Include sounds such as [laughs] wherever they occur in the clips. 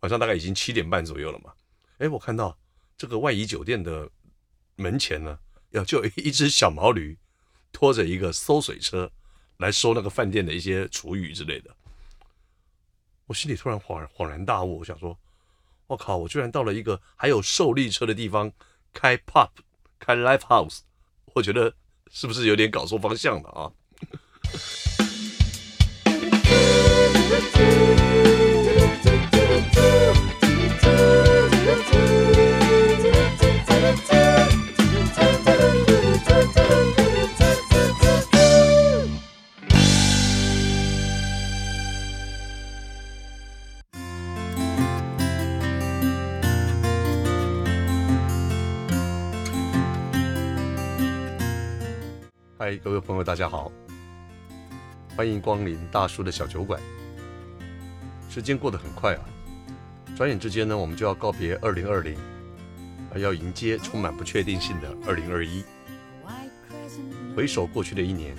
晚上大概已經七點半左右了嘛，哎，我看到這個萬怡酒店的門前呢，有，就有一隻小毛驢，拖着一個餿水車來收那個飯店的一些廚餘之類的。我心裡突然恍恍然大悟，我想說，我靠，我居然到了一個還有獸力車的地方開 pub 開 Live House，我覺得是不是有點搞錯方向了啊？ [laughs] 嗨，Hi, 各位朋友，大家好，歡迎光臨大叔的小酒館。時間過得很快啊，轉眼之間呢，我們就要告別二零二零，而要迎接充滿不確定性的二零二一。回首過去的一年，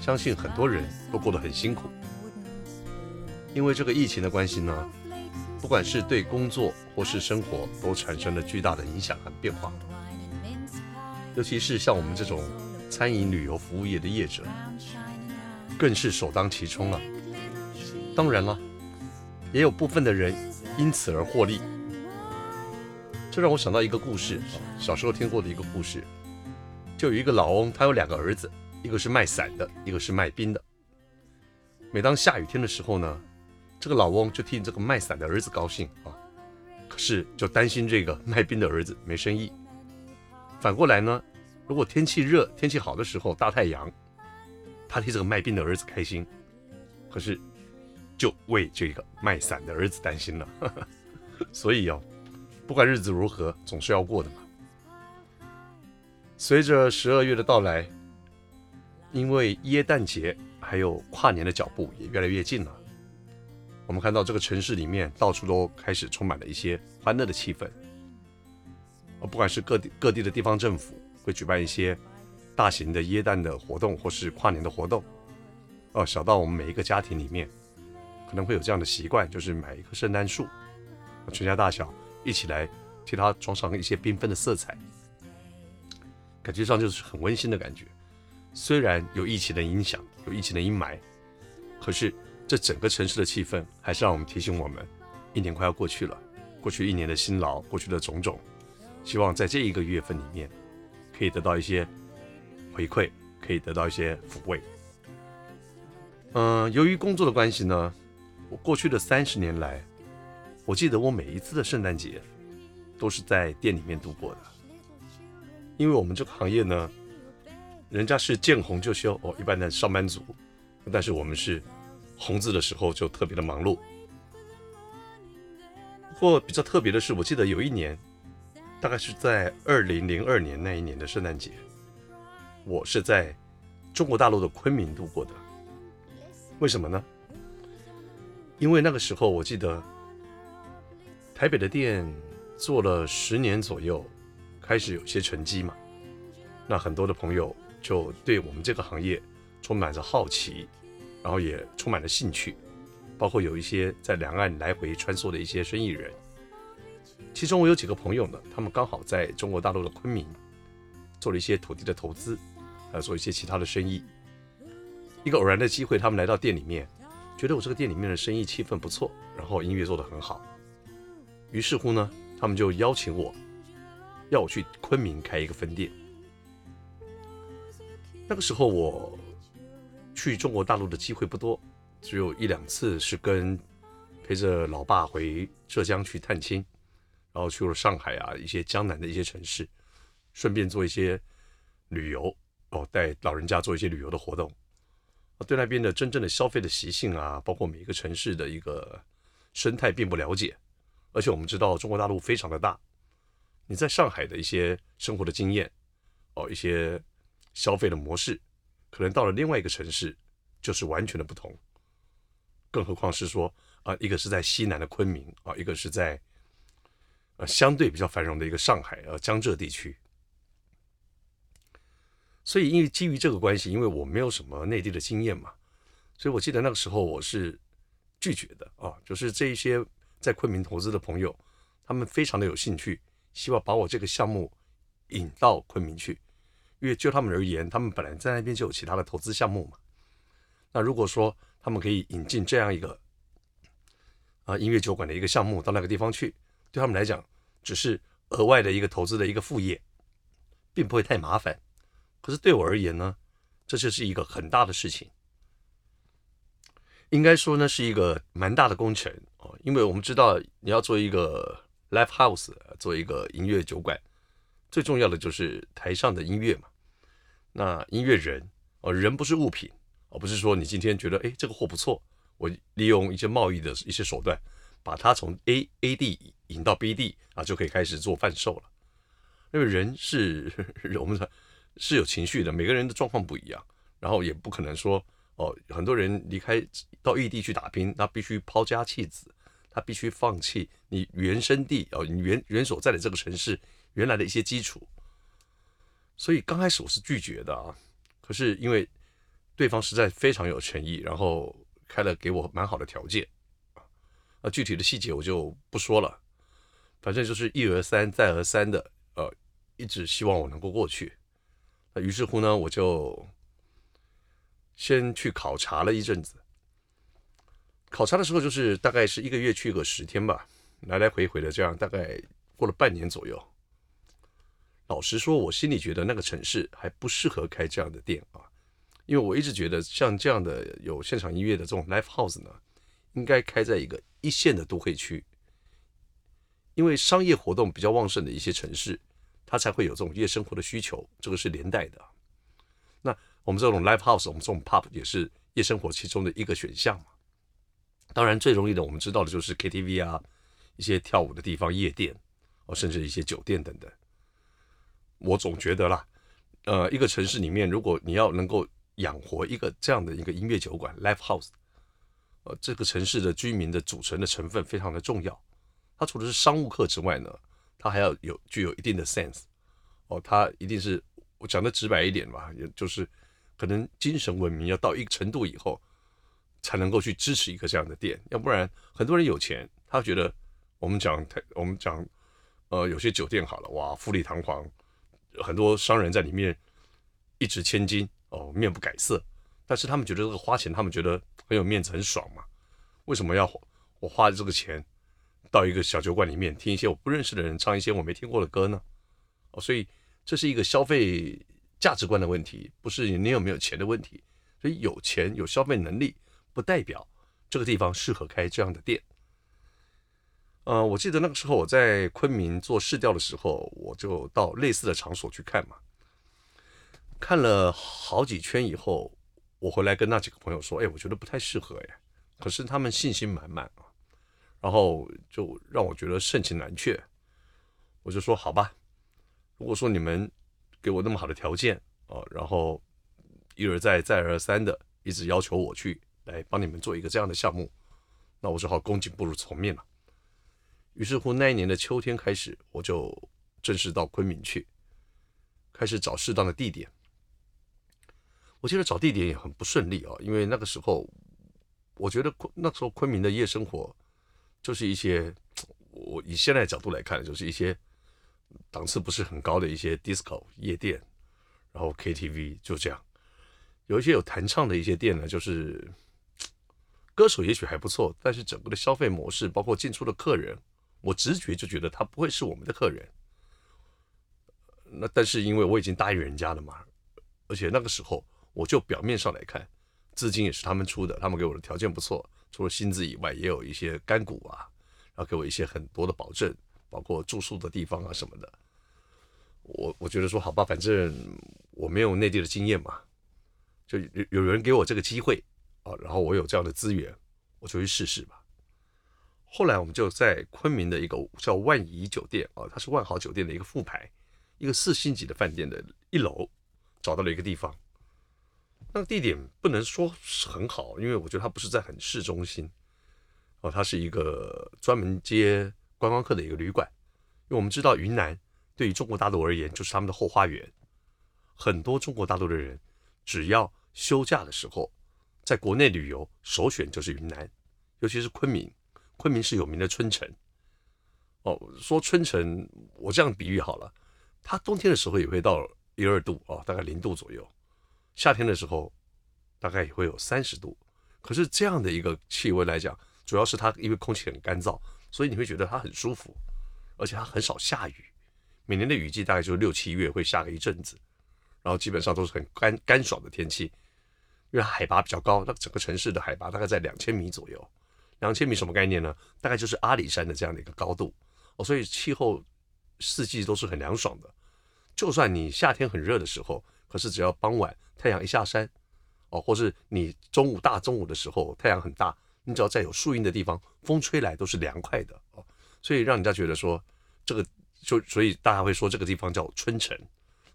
相信很多人都過得很辛苦，因為這個疫情的關係呢，不管是對工作或是生活，都產生了巨大的影響和變化。尤其是像我們這種。餐飲旅遊服務業的業者，更是首當其衝了啊。當然了，也有部分的人因此而獲利。這讓我想到一個故事啊，小時候聽過的一個故事，就有一個老翁，他有兩個兒子，一個是賣傘的，一個是賣冰的。每當下雨天的時候呢，這個老翁就替這個賣傘的兒子高興啊，可是就擔心這個賣冰的兒子沒生意。反過來呢？如果天氣熱、天氣好的時候，大太陽，他替這個賣冰的兒子開心；可是，就為這個賣傘的兒子擔心了。 [laughs] 所以喲、哦，不管日子如何，總是要過的嘛。隨着十二月的到來，因為耶誕節還有跨年的腳步也越來越近了，我們看到這個城市裡面到處都開始充滿了一些歡樂的氣氛。不管是各地各地的地方政府。會舉辦一些大型的耶誕的活動，或是跨年的活動，哦，小到我們每一個家庭裡面，可能會有這樣的習慣，就是買一棵聖誕樹，全家大小一起來替它裝上一些繽紛的色彩，感覺上就是很溫馨的感覺。雖然有疫情的影響，有疫情的陰霾，可是這整個城市的氣氛還是讓我們提醒我們，一年快要過去了，過去一年的辛勞，過去的種種，希望在這一個月份裡面，可以得到一些回饋，可以得到一些撫慰。嗯、呃，由於工作的關係呢，我過去的三十年來，我記得我每一次的聖誕節都是在店裡面度過的。因為我們這個行業呢，人家是見紅就休哦，一般的上班族，但是我們是紅字的時候就特別的忙碌。不過比較特別的是，我記得有一年。大概是在二零零二年那一年的聖誕節，我是在中國大陸的昆明度過的。為什麼呢？因為那個時候我記得台北的店做了十年左右，開始有些成績嘛。那很多的朋友就對我們這個行業充滿着好奇，然後也充滿了興趣，包括有一些在兩岸來回穿梭的一些生意人。其中我有幾個朋友呢，他們剛好在中國大陸的昆明做了一些土地的投資，還有做一些其他的生意。一個偶然的機會，他們來到店裡面，覺得我這個店裡面的生意氣氛不錯，然後音樂做得很好。於是乎呢，他們就邀請我，要我去昆明開一個分店。那個時候我去中國大陸的機會不多，只有一兩次是跟陪着老爸回浙江去探親。然後、哦、去了上海啊，一些江南的一些城市，順便做一些旅遊哦，帶老人家做一些旅遊的活動、啊。對那邊的真正的消費的習性啊，包括每一個城市的一個生態，並不了解。而且我們知道中國大陸非常的大，你在上海的一些生活的經驗哦，一些消費的模式，可能到了另外一個城市就是完全的不同。更何況是說啊，一個是在西南的昆明啊，一個是在。呃，相對比較繁榮的一個上海，呃，江浙地區，所以因為基於這個關係，因為我沒有什麼內地的經驗嘛，所以我記得那個時候我是拒絕的啊，就是這一些在昆明投資的朋友，他們非常的有興趣，希望把我這個項目引到昆明去，因為就他們而言，他們本來在那邊就有其他的投資項目嘛，那如果說他們可以引進這樣一個啊音樂酒館的一個項目到那個地方去。對他們來講，只是額外的一個投資的一個副業，並不會太麻煩。可是對我而言呢，這就是一個很大的事情。應該說呢，是一個蠻大的工程哦，因為我們知道你要做一個 Live House，做一個音樂酒館，最重要的就是台上的音樂嘛。那音樂人哦，人不是物品哦，不是說你今天覺得，哎，這個貨不錯，我利用一些貿易的一些手段。把他從 A A 地引到 B 地啊，就可以開始做販售了。因為人是，我們說是有情緒的，每個人的狀況不一樣，然後也不可能說哦，很多人離開到異地去打拼，他必須拋家棄子，他必須放棄你原生地啊、哦，你原原所在的這個城市原來的一些基礎。所以剛開始我是拒絕的啊，可是因為對方實在非常有誠意，然後開了給我蠻好的條件。啊，具體的細節我就不說了，反正就是一而再再而三的，呃，一直希望我能夠過去。那於是乎呢，我就先去考察了一陣子。考察的時候就是大概是一個月去個十天吧，來來回回的這樣，大概過了半年左右。老實說，我心裡覺得那個城市還不適合開這樣的店啊，因為我一直覺得像這樣的有現場音樂的這種 Live House 呢，應該開在一個。一線的都會區，因為商業活動比較旺盛的一些城市，它才會有這種夜生活的需求，這個是連帶的。那我們這種 live house，我們這種 pub 也是夜生活其中的一個選項嘛。當然最容易的，我們知道的就是 KTV 啊，一些跳舞的地方、夜店，哦，甚至一些酒店等等。我總覺得啦，呃，一個城市裡面，如果你要能夠養活一個這樣的一個音樂酒館 live house。這個城市的居民的組成的成分非常的重要。他除了是商務客之外呢，他還要有具有一定的 sense。哦，他一定是我講的直白一點吧，也就是可能精神文明要到一個程度以後，才能夠去支持一個這樣的店。要不然，很多人有錢，他覺得我們講太，我們講呃，有些酒店好了，哇，富麗堂皇，很多商人在裡面一擲千金哦，面不改色。但是他們覺得這個花錢，他們覺得。很有面子，很爽嘛。為什麼要我花這個錢到一個小酒館裡面聽一些我不認識的人唱一些我沒聽過的歌呢？哦，所以這是一個消費價值觀的問題，不是你有沒有錢的問題。所以有錢有消費能力不代表這個地方適合開這樣的店。呃，我記得那個時候我在昆明做市調的時候，我就到類似的場所去看嘛，看了好幾圈以後。我回來跟那幾個朋友說：“哎，我覺得不太適合呀、哎。”可是他們信心滿滿啊，然後就讓我覺得盛情難卻。我就說：“好吧，如果說你們給我那麼好的條件啊，然後一而再、再而三的一直要求我去來幫你們做一個這樣的項目，那我只好恭敬不如從命了。”於是乎，那一年的秋天開始，我就正式到昆明去，開始找適當的地點。我記得找地點也很不順利啊、哦，因為那個時候，我覺得昆那時候昆明的夜生活就是一些，我以現在角度來看，就是一些檔次不是很高的一些迪斯科夜店，然後 KTV 就這樣，有一些有彈唱的一些店呢，就是歌手也許還不錯，但是整個的消費模式，包括進出的客人，我直覺就覺得他不會是我們的客人。那但是因為我已經答應人家了嘛，而且那個時候。我就表面上來看，資金也是他們出的，他們給我的條件不錯，除了薪資以外，也有一些乾股啊，然後給我一些很多的保證，包括住宿的地方啊什麼的。我我覺得說好吧，反正我沒有內地的經驗嘛，就有有人給我這個機會啊，然後我有這樣的資源，我就去試試吧。後來我們就在昆明的一個叫萬怡酒店啊，它是萬豪酒店的一個副牌，一個四星級的飯店的一樓，找到了一個地方。那個地點不能說是很好，因為我覺得它不是在很市中心。哦，它是一個專門接觀光客的一個旅館。因為我們知道雲南對於中國大陸而言，就是他們的後花園，很多中國大陸的人只要休假的時候在國內旅遊，首選就是雲南，尤其是昆明。昆明是有名的春城。哦，說春城，我這樣比喻好了，它冬天的時候也會到一二度哦，大概零度左右。夏天的時候，大概也會有三十度。可是這樣的一個氣溫來講，主要是它因為空氣很乾燥，所以你會覺得它很舒服，而且它很少下雨。每年的雨季大概就是六七月會下個一陣子，然後基本上都是很乾乾爽的天氣。因為海拔比較高，那整個城市的海拔大概在兩千米左右。兩千米什麼概念呢？大概就是阿里山的這樣的一個高度。哦，所以氣候四季都是很涼爽的，就算你夏天很熱的時候。可是只要傍晚太陽一下山，哦，或是你中午大中午的時候太陽很大，你只要在有樹蔭的地方，風吹來都是涼快的哦，所以讓人家覺得說這個，就所以大家會說這個地方叫春城，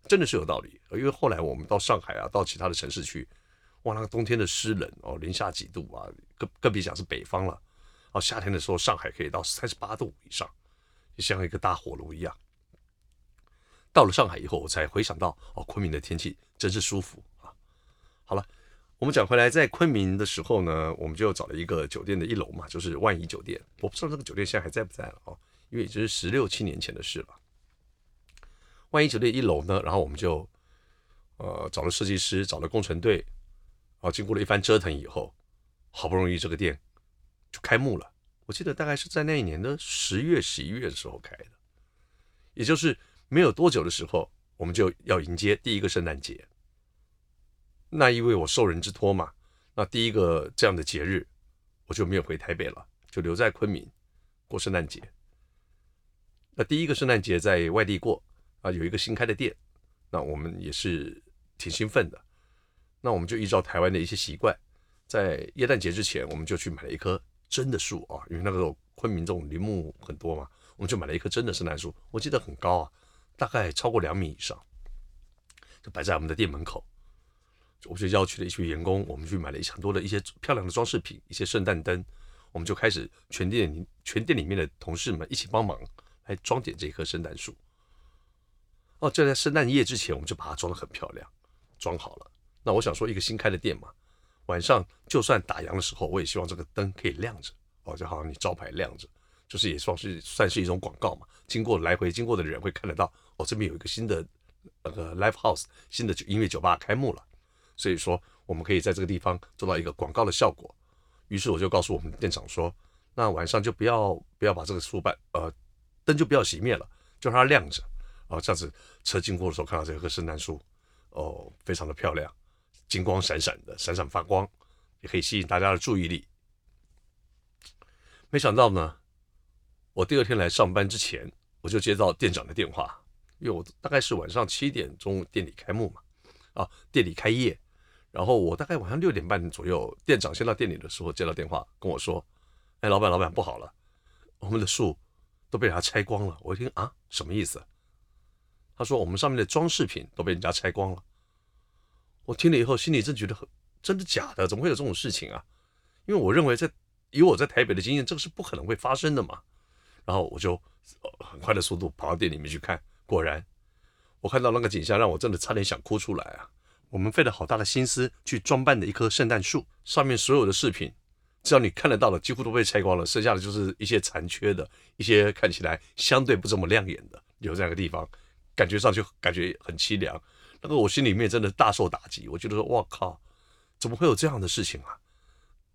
真的是有道理。因為後來我們到上海啊，到其他的城市去，哇，那個冬天的濕冷哦，零下幾度啊，更更別講是北方了。哦，夏天的時候上海可以到三十八度以上，就像一個大火爐一樣。到了上海以後，我才回想到哦，昆明的天氣真是舒服啊！好了，我們講回來，在昆明的時候呢，我們就找了一個酒店的一樓嘛，就是萬怡酒店。我不知道這個酒店現在還在不在了啊、哦，因為已經是十六七年前的事了。萬怡酒店一樓呢，然後我們就呃找了設計師，找了工程隊，然後、啊、經過了一番折騰以後，好不容易這個店就開幕了。我記得大概是在那一年的十月、十一月的時候開的，也就是。沒有多久的時候，我們就要迎接第一個聖誕節。那因為我受人之托嘛，那第一個這樣的節日，我就沒有回台北了，就留在昆明過聖誕節。那第一個聖誕節在外地過啊，有一個新開的店，那我們也是挺興奮的。那我們就依照台灣的一些習慣，在耶誕節之前，我們就去買了一棵真的樹啊，因為那個時候昆明這種林木很多嘛，我們就買了一棵真的聖誕樹，我記得很高啊。大概超過兩米以上，就擺在我們的店門口。我們就叫去了一群員工，我們去買了一箱多的一些漂亮的裝飾品，一些聖誕燈，我們就開始全店裡，全店裡面的同事們一起幫忙來裝點這棵聖誕樹。哦，就在聖誕夜之前，我們就把它裝得很漂亮，裝好了。那我想說，一個新開的店嘛，晚上就算打烊的時候，我也希望這個燈可以亮着，哦，就好像你招牌亮着，就是也算是，算是一種廣告嘛。經過，來回經過的人會看得到，我、哦、這邊有一個新的那個、呃、Live House，新的酒音樂酒吧開幕了，所以說我們可以在這個地方做到一個廣告的效果。於是我就告訴我們店長說：“那晚上就不要不要把這個樹辦呃燈就不要熄滅了，就讓它亮着啊、呃，這樣子車經過的時候看到這棵聖誕樹，哦，非常的漂亮，金光閃閃的，閃閃發光，也可以吸引大家的注意力。”沒想到呢，我第二天來上班之前，我就接到店長的電話。因為我大概是晚上七點鐘店裡開幕嘛，啊，店裡開業，然後我大概晚上六點半左右，店長先到店裡的時候接到電話跟我說：“哎，老闆，老闆不好了，我們的樹都被人家拆光了。”我一聽啊，什麼意思？他說：“我們上面的裝飾品都被人家拆光了。”我聽了以後心裡真覺得很，真的假的，怎麼會有這種事情啊？因為我認為在，以我在台北的經驗，這個是不可能會發生的嘛。然後我就很快的速度跑到店裡面去看。果然，我看到那個景象，讓我真的差點想哭出來啊！我們費了好大的心思去裝扮的一棵聖誕樹，上面所有的飾品，只要你看得到的，幾乎都被拆光了，剩下的就是一些殘缺的，一些看起來相對不怎麼亮眼的，有這樣一個地方，感覺上就感覺很淒涼。那個我心裡面真的大受打擊，我覺得說哇靠，怎麼會有這樣的事情啊！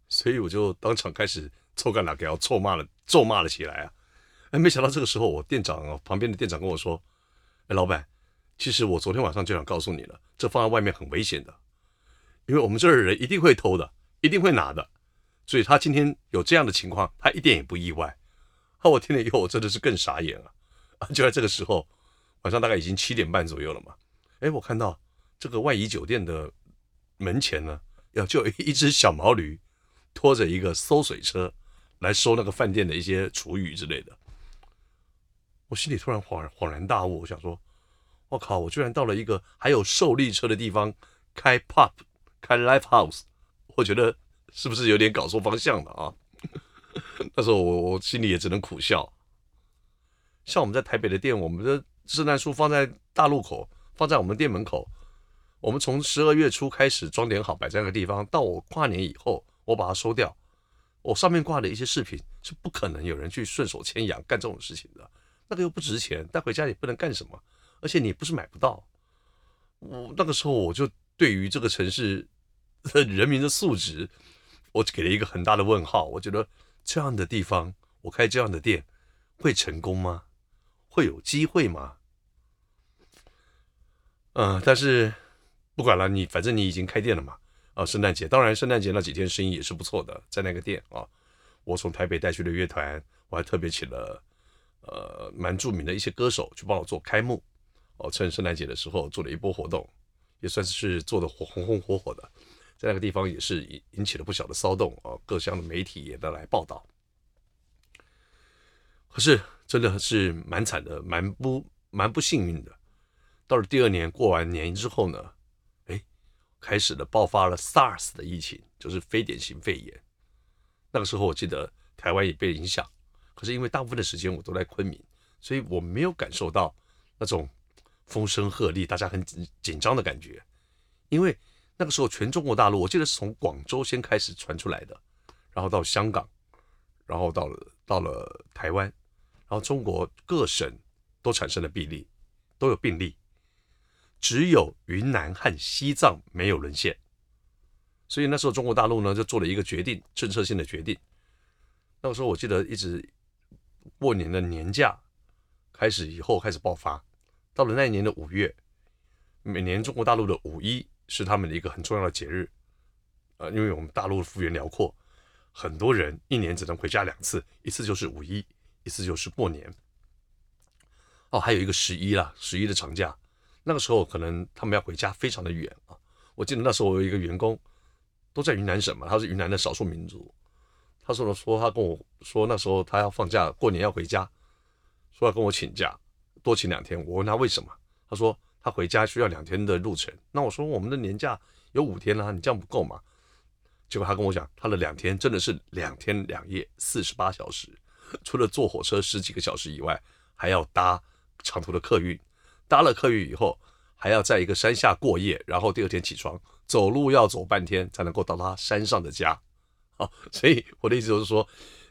所以我就當場開始臭幹了，給要臭罵了，咒罵了起來啊！哎，沒想到這個時候，我店長旁邊的店長跟我說。哎，誒老闆，其實我昨天晚上就想告訴你了，這放在外面很危險的，因為我們這兒的人一定會偷的，一定會拿的，所以他今天有這樣的情況，他一點也不意外。那、啊、我聽了以後，我真的是更傻眼了。啊，就在這個時候，晚上大概已經七點半左右了嘛。哎，我看到這個萬怡酒店的門前呢，有就有一隻小毛驢，拖着一個餿水車來收那個飯店的一些廚餘之類的。我心裡突然恍然恍然大悟，我想說：“我靠，我居然到了一個還有獸力車的地方開 pub、開 live house，我覺得是不是有點搞錯方向了啊？” [laughs] 那時候我我心裡也只能苦笑。像我們在台北的店，我們的聖誕樹放在大路口，放在我們店門口。我們從十二月初開始裝點好，擺在那個地方。到我跨年以後，我把它收掉。我上面掛的一些飾品是不可能有人去順手牽羊幹這種事情的。那個又不值錢，帶回家也不能幹什麼，而且你不是買不到。我那個時候我就對於這個城市的人民的素質，我給了一個很大的問號。我覺得這樣的地方，我開這樣的店會成功嗎？會有機會嗎？嗯、呃，但是不管了，你反正你已經開店了嘛。啊，聖誕節，當然聖誕節那幾天生意也是不錯的，在那個店啊，我從台北帶去的樂團，我還特別請了。呃，蠻著名的一些歌手去幫我做開幕，哦，趁聖誕節的時候做了一波活動，也算是做的紅紅火火的，在那個地方也是引引起了不小的騷動，哦，各項的媒體也都來報道。可是真的是蠻慘的，蠻不蠻不幸運的。到了第二年過完年之後呢，哎、欸，開始了爆發了 SARS 的疫情，就是非典型肺炎。那個時候我記得台灣也被影響。可是因為大部分的時間我都在昆明，所以我沒有感受到那種風聲鶴唳、大家很緊張的感覺。因為那個時候全中國大陸，我記得是從廣州先開始傳出來的，然後到香港，然後到了到了台灣，然後中國各省都產生了病例，都有病例，只有雲南和西藏沒有淪陷。所以那時候中國大陸呢就做了一個決定，政策性的決定。那個時候我記得一直。過年的年假開始以後開始爆發，到了那一年的五月，每年中國大陸的五一是他們的一個很重要的節日，呃，因為我們大陸幅員遼闊，很多人一年只能回家兩次，一次就是五一，一次就是過年。哦，還有一個十一啦，十一的長假，那個時候可能他們要回家非常的遠啊。我記得那時候我有一個員工，都在雲南省嘛，他是雲南的少數民族。他說呢：“說他跟我說那時候他要放假過年要回家，說要跟我請假多請兩天。我問他為什麼？他說他回家需要兩天的路程。那我說我們的年假有五天了，啊、你這樣不夠嗎？結果他跟我講，他的兩天真的是兩天兩夜四十八小時，除了坐火車十幾個小時以外，還要搭長途的客運，搭了客運以後還要在一個山下過夜，然後第二天起床走路要走半天才能夠到他山上的家。”哦，所以我的意思就是說，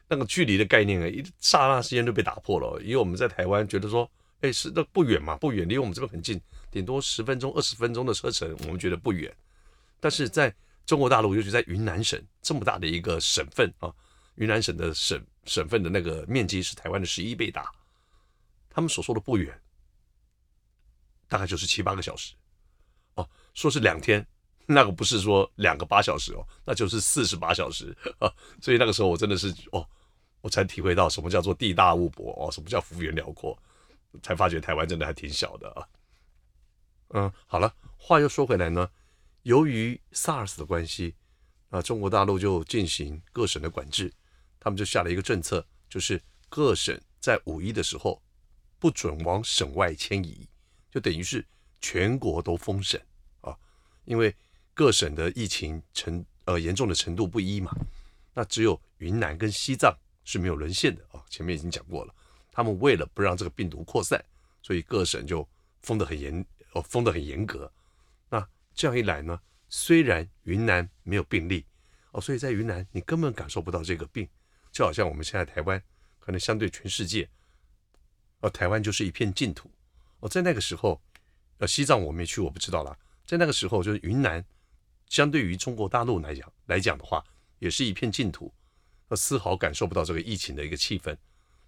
那個距離的概念，一剎那時間就被打破了。因為我們在台灣覺得說，哎，是那不遠嘛，不遠，離我們這邊很近，頂多十分鐘、二十分鐘的車程，我們覺得不遠。但是在中國大陸，尤其在雲南省這麼大的一個省份啊，雲南省的省省份的那個面積是台灣的十一倍大，他們所說的不遠，大概就是七八個小時，哦、啊，說是兩天。那個不是說兩個八小時哦，那就是四十八小時，啊。所以那個時候我真的是哦，我才體會到什麼叫做地大物博哦，什麼叫幅員遼闊，才發覺台灣真的還挺小的啊。嗯，好了，話又說回來呢，由於 SARS 的關係，啊，中國大陸就進行各省的管制，他們就下了一個政策，就是各省在五一的時候不准往省外遷移，就等於是全國都封省啊，因為。各省的疫情程呃嚴重的程度不一嘛，那只有雲南跟西藏是沒有淪陷的哦。前面已經講過了，他們為了不讓這個病毒擴散，所以各省就封得很嚴哦，封得很嚴格。那這樣一來呢，雖然雲南沒有病例哦，所以在雲南你根本感受不到這個病，就好像我們現在台灣可能相對全世界哦，台灣就是一片淨土哦。在那個時候，呃，西藏我沒去，我不知道啦。在那個時候就是雲南。相對於中國大陸來講來講的話，也是一片淨土，他絲毫感受不到這個疫情的一個氣氛。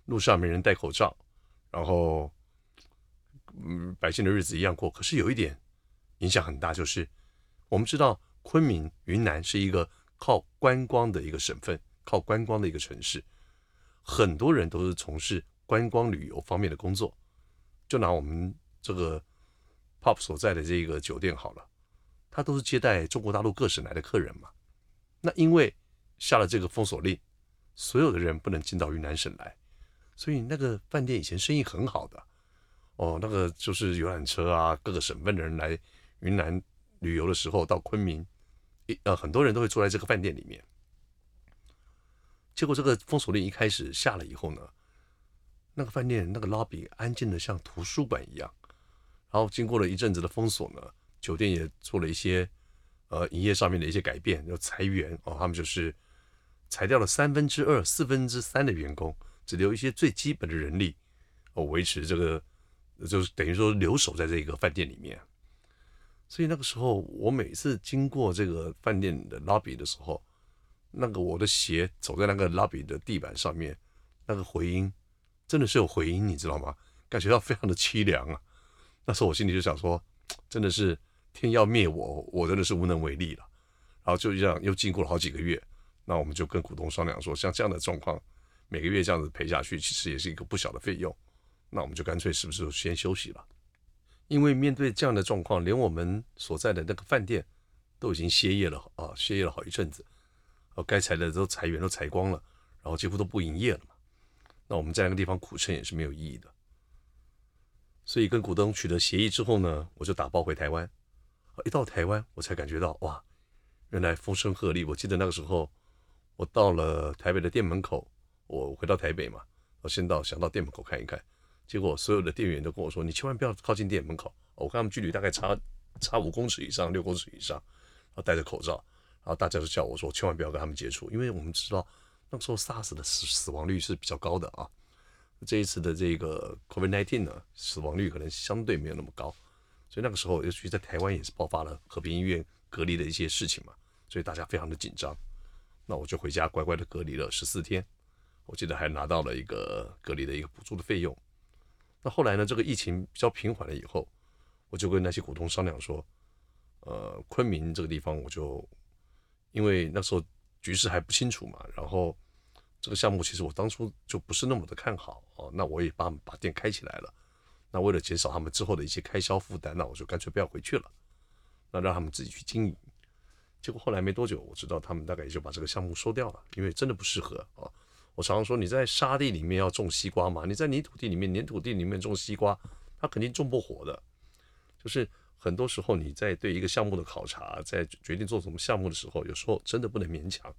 路上沒人戴口罩，然後，嗯，百姓的日子一樣過。可是有一點影響很大，就是我們知道昆明雲南是一個靠觀光的一個省份，靠觀光的一個城市，很多人都是從事觀光旅遊方面的工作。就拿我們這個 pop 所在的這個酒店好了。他都是接待中國大陸各省來的客人嘛，那因為下了這個封鎖令，所有的人不能進到雲南省來，所以那個飯店以前生意很好的哦。那個就是遊覽車啊，各個省份的人來雲南旅遊的時候，到昆明，一呃很多人都會住在這個飯店裡面。結果這個封鎖令一開始下了以後呢，那個飯店那個 lobby 安靜的像圖書館一樣。然後經過了一陣子的封鎖呢。酒店也做了一些，呃，營業上面的一些改變，要裁員哦。他們就是裁掉了三分之二、四分之三的員工，只留一些最基本的人力，哦，維持這個，就是等於說留守在這個飯店裡面。所以那個時候，我每次經過這個飯店的 lobby 的時候，那個我的鞋走在那個 lobby 的地板上面，那個回音真的是有回音，你知道嗎？感覺到非常的淒涼啊。那時候我心裡就想說，真的是。天要滅我，我真的是無能為力了。然後就這樣又經過了好幾個月，那我們就跟股東商量說，像這樣的狀況，每個月這樣子賠下去，其實也是一個不小的費用。那我們就乾脆是不是先休息了？因為面對這樣的狀況，連我們所在的那個飯店都已經歇業了啊，歇業了好一陣子，然後該裁的都裁員都裁光了，然後幾乎都不營業了嘛。那我們在那個地方苦撐也是沒有意義的。所以跟股東取得協議之後呢，我就打包回台灣。一到台灣，我才感覺到哇，原來風聲鶴唳。我記得那個時候，我到了台北的店門口，我回到台北嘛，我先到想到店門口看一看，結果所有的店員都跟我說：“你千萬不要靠近店門口。”我跟他們距離大概差差五公尺以上，六公尺以上，然後戴着口罩，然後大家都叫我說：“千萬不要跟他們接觸。”因為我們知道那個時候 SARS 的死死亡率是比較高的啊，這一次的這個 COVID-19 呢，死亡率可能相對沒有那麼高。所以那個時候，尤其在台灣也是爆發了和平醫院隔離的一些事情嘛，所以大家非常的緊張。那我就回家乖乖的隔離了十四天，我記得還拿到了一個隔離的一個補助的費用。那後來呢，這個疫情比較平緩了以後，我就跟那些股東商量說，呃，昆明這個地方我就，因為那時候局勢還不清楚嘛，然後這個項目其實我當初就不是那麼的看好，哦，那我也把把店開起來了。那為了減少他們之後的一些開銷負擔啊，那我就乾脆不要回去了，那讓他們自己去經營。結果後來沒多久，我知道他們大概也就把這個項目收掉了，因為真的不適合啊。我常常說，你在沙地裡面要種西瓜嘛，你在泥土地裡面，黏土地裡面種西瓜，它肯定種不活的。就是很多時候你在對一個項目的考察，在決定做什麼項目的時候，有時候真的不能勉強。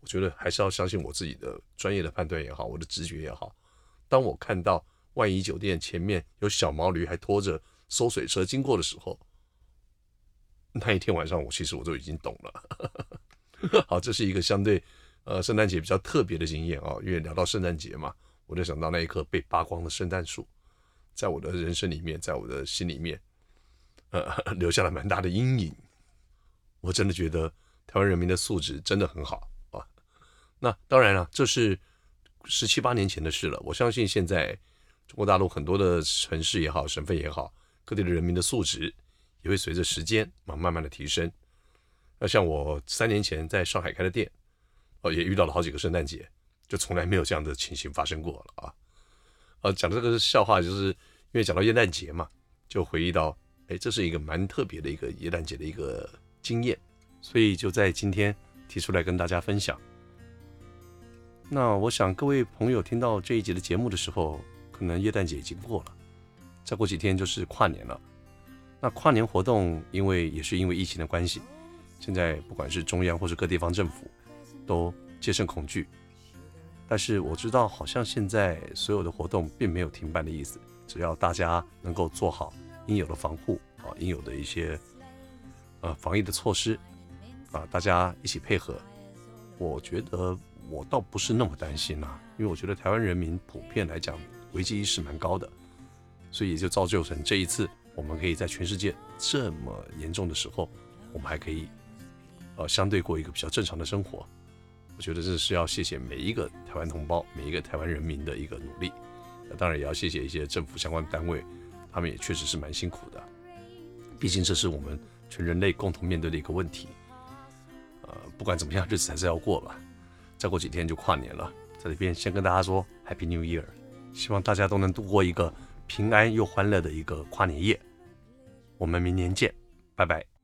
我覺得還是要相信我自己的專業的判斷也好，我的直覺也好。當我看到，萬怡酒店前面有小毛驢還拖着搜水車經過的時候，那一天晚上我其實我都已經懂了。 [laughs] 好，這是一個相對呃聖誕節比較特別的經驗啊、哦，因為聊到聖誕節嘛，我就想到那一棵被扒光的聖誕樹，在我的人生裡面，在我的心裡面，呃，留下了蠻大的陰影。我真的覺得台灣人民的素質真的很好啊。那當然了、啊，這是十七八年前的事了，我相信現在。中國大陸很多的城市也好，省份也好，各地的人民的素質也會隨着時間啊慢慢的提升。那像我三年前在上海開的店，哦，也遇到了好幾個聖誕節，就從來沒有這樣的情形發生過了啊！啊，講這個笑話，就是因為講到耶誕節嘛，就回憶到，哎，這是一個蠻特別的一個耶誕節的一個經驗，所以就在今天提出來跟大家分享。那我想各位朋友聽到這一集的節目的時候，可能耶誕節已經過了，再過幾天就是跨年了。那跨年活動，因為也是因為疫情的關係，現在不管是中央或是各地方政府，都戒慎恐懼。但是我知道，好像現在所有的活動並沒有停辦的意思。只要大家能夠做好應有的防護啊，應有的一些呃防疫的措施啊，大家一起配合，我覺得我倒不是那麼擔心啊，因為我覺得台灣人民普遍來講，危機意識蠻高的，所以也就造就成這一次，我們可以在全世界這麼嚴重的時候，我們還可以呃相對過一個比較正常的生活。我覺得這是要謝謝每一個台灣同胞、每一個台灣人民的一個努力。呃，當然也要謝謝一些政府相關單位，他們也確實是蠻辛苦的。畢竟這是我們全人類共同面對的一個問題。呃，不管怎麼樣，日子還是要過吧。再過幾天就跨年了，在這邊先跟大家說 Happy New Year。希望大家都能度過一個平安又歡樂的一個跨年夜。我們明年見，拜拜。